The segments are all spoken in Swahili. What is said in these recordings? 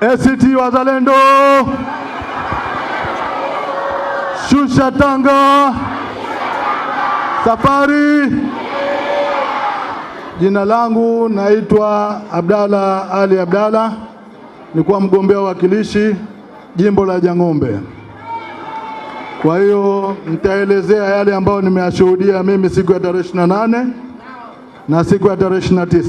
ACT Wazalendo, shusha tanga, safari. Jina langu naitwa Abdalla Ali Abdalla, kuwa mgombea wakilishi jimbo la Jang'ombe. Kwa hiyo nitaelezea yale ambayo nimeyashuhudia mimi siku ya tarehe 28 na siku ya tarehe 29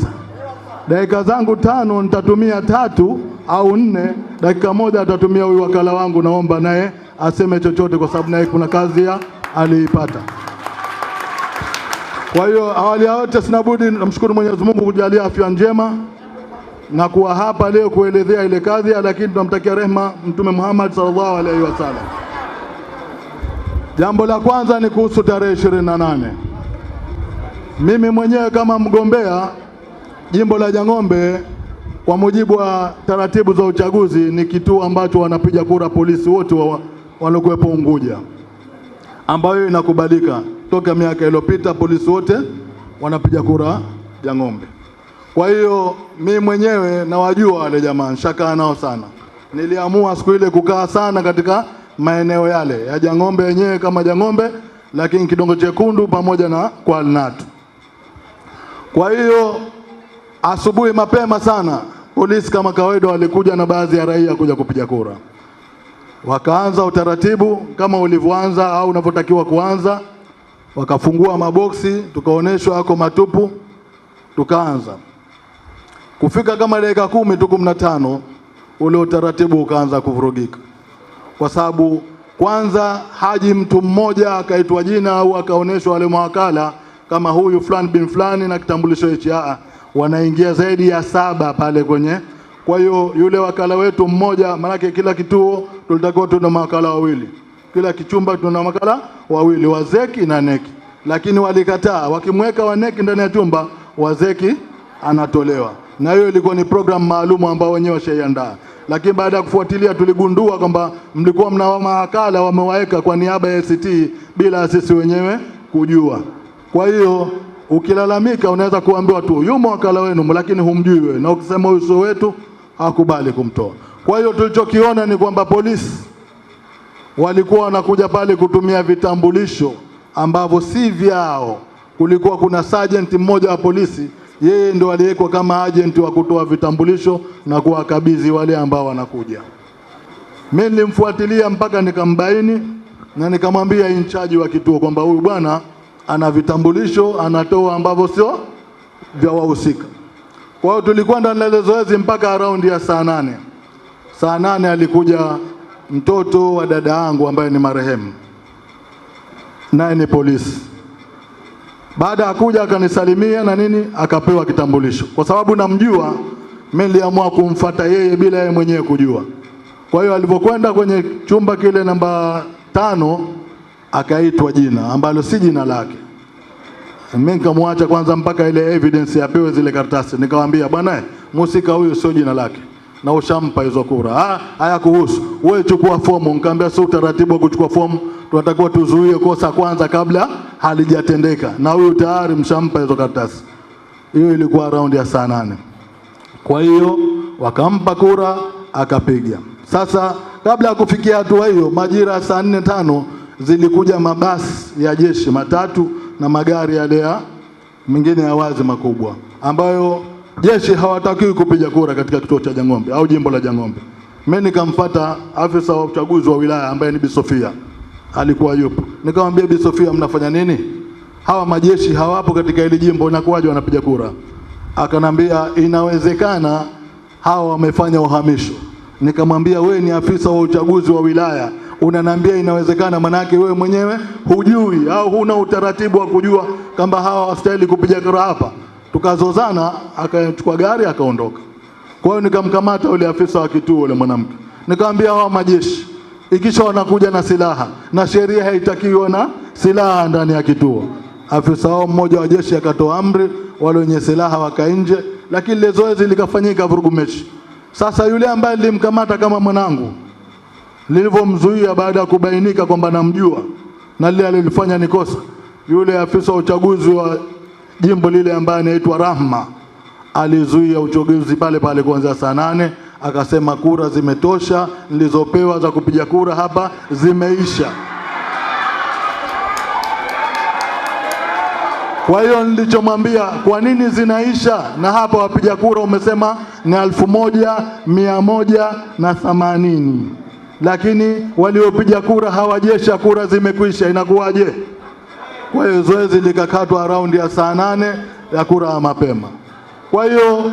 dakika zangu tano nitatumia tatu au nne, dakika moja atatumia huyu wakala wangu, naomba naye aseme chochote, kwa sababu naye kuna kazi ya aliipata. Kwa hiyo awali ya yote, sina budi namshukuru Mwenyezi Mungu kujalia afya njema na kuwa hapa leo kuelezea ile kazi, lakini tunamtakia rehema Mtume Muhammad sallallahu alaihi wasallam. Jambo la kwanza ni kuhusu tarehe ishirini na nane. Mimi mwenyewe kama mgombea Jimbo la Jang'ombe kwa mujibu wa taratibu za uchaguzi ni kituo ambacho wanapiga kura polisi wote wa, waliokuwepo Unguja, ambayo inakubalika toka miaka iliyopita. Polisi wote wanapiga kura Jang'ombe. Kwa hiyo mi mwenyewe nawajua wale jamaa, nshakaa nao sana. Niliamua siku ile kukaa sana katika maeneo yale ya Jang'ombe yenyewe kama Jang'ombe, lakini Kidongo Chekundu pamoja na Kwalnatu. Kwa hiyo Asubuhi mapema sana, polisi kama kawaida walikuja na baadhi ya raia kuja kupiga kura, wakaanza utaratibu kama ulivyoanza au unavyotakiwa kuanza, wakafungua maboksi, tukaoneshwa yako matupu, tukaanza kufika kama dakika kumi tu kumi na tano ule utaratibu ukaanza kuvurugika, kwa sababu kwanza haji mtu mmoja akaitwa jina au akaonyeshwa wale mawakala kama huyu fulani bin fulani na kitambulisho hichi wanaingia zaidi ya saba pale kwenye. Kwa hiyo yule wakala wetu mmoja, maanake kila kituo tulitakiwa tuna mawakala wawili, kila kichumba tuna wakala wawili, wa zeki na neki, lakini walikataa, wakimweka wa neki ndani ya chumba, wa zeki anatolewa. Na hiyo ilikuwa ni program maalum ambao wenyewe washaiandaa lakini baada ya kufuatilia tuligundua kwamba mlikuwa mna mawakala wamewaweka kwa niaba ya ACT bila sisi wenyewe kujua. Kwa hiyo Ukilalamika unaweza kuambiwa tu yumo wakala wenu, lakini humjui wewe, na ukisema uso wetu hakubali kumtoa. Kwa hiyo tulichokiona ni kwamba polisi walikuwa wanakuja pale kutumia vitambulisho ambavyo si vyao. Kulikuwa kuna sergeant mmoja wa polisi, yeye ndo aliwekwa kama agent wa kutoa vitambulisho na kuwakabidhi wale ambao wanakuja. Mimi nilimfuatilia mpaka nikambaini na nikamwambia in charge wa kituo kwamba huyu bwana ana vitambulisho anatoa ambavyo sio vya wahusika. Kwa hiyo tulikuwa ndani ya zoezi mpaka around ya saa nane. Saa nane alikuja mtoto wa dada yangu ambaye ni marehemu, naye ni polisi. Baada ya kuja akanisalimia na nini, akapewa kitambulisho. Kwa sababu namjua mimi, niliamua kumfata yeye bila yeye mwenyewe kujua. Kwa hiyo alivyokwenda kwenye chumba kile namba tano akaitwa jina ambalo si jina lake. Mimi nikamwacha kwanza mpaka ile evidence apewe zile karatasi, nikamwambia bwana, musika huyu sio jina lake na ushampa hizo kura, ah, hayakuhusu wewe, chukua fomu. Nikamwambia si utaratibu wa kuchukua fomu, tunatakiwa tuzuie kosa kwanza kabla halijatendeka, na huyu tayari mshampa hizo karatasi. Hiyo ilikuwa raundi ya saa nane. Kwa hiyo wakampa kura akapiga. Sasa kabla ya kufikia hatua hiyo, majira ya saa nne tano zilikuja mabasi ya jeshi matatu na magari yale ya mengine ya wazi makubwa, ambayo jeshi hawatakiwi kupiga kura katika kituo cha Jang'ombe au jimbo la Jang'ombe. Mimi nikamfuata afisa wa uchaguzi wa wilaya ambaye ni Bi Sofia, alikuwa yupo. Nikamwambia Bi Sofia, mnafanya nini? Hawa majeshi hawapo katika hili jimbo, inakuwaje wanapiga kura? Akanambia inawezekana hawa wamefanya uhamisho. Nikamwambia we ni afisa wa uchaguzi wa wilaya unaniambia inawezekana, manake wewe mwenyewe hujui au huna utaratibu wa kujua kwamba hawa wastahili kupiga kura hapa. Tukazozana, akachukua gari akaondoka. Kwa hiyo nikamkamata yule afisa wa kituo, yule mwanamke, nikamwambia hawa majeshi ikisha wanakuja na silaha na sheria haitakiwi na silaha ndani ya kituo. Afisa wao mmoja wa jeshi akatoa amri, wale wenye silaha waka nje, lakini lezoezi zoezi likafanyika vurugu mechi. Sasa yule ambaye nilimkamata kama mwanangu lilivyomzuia baada ya kubainika kwamba namjua na lile alilifanya ni kosa. Yule afisa wa uchaguzi wa jimbo lile ambaye anaitwa Rahma alizuia uchaguzi pale pale kuanzia saa nane, akasema kura zimetosha, nilizopewa za kupiga kura hapa zimeisha. Kwa hiyo nilichomwambia, kwa nini zinaisha na hapa wapiga kura umesema ni elfu moja mia moja na themanini? lakini waliopiga kura hawajesha, kura zimekwisha, inakuwaje? Kwa hiyo zoezi likakatwa raundi ya saa nane ya kura ya mapema. Kwa hiyo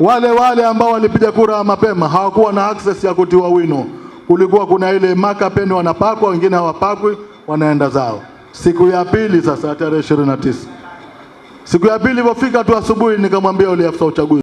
wale wale ambao walipiga kura ya mapema hawakuwa na access ya kutiwa wino. Kulikuwa kuna ile maka peni, wanapakwa wengine hawapakwi, wanaenda zao. Siku ya pili sasa, tarehe ishirini na tisa, siku ya pili ilipofika tu asubuhi, nikamwambia yule afisa uchaguzi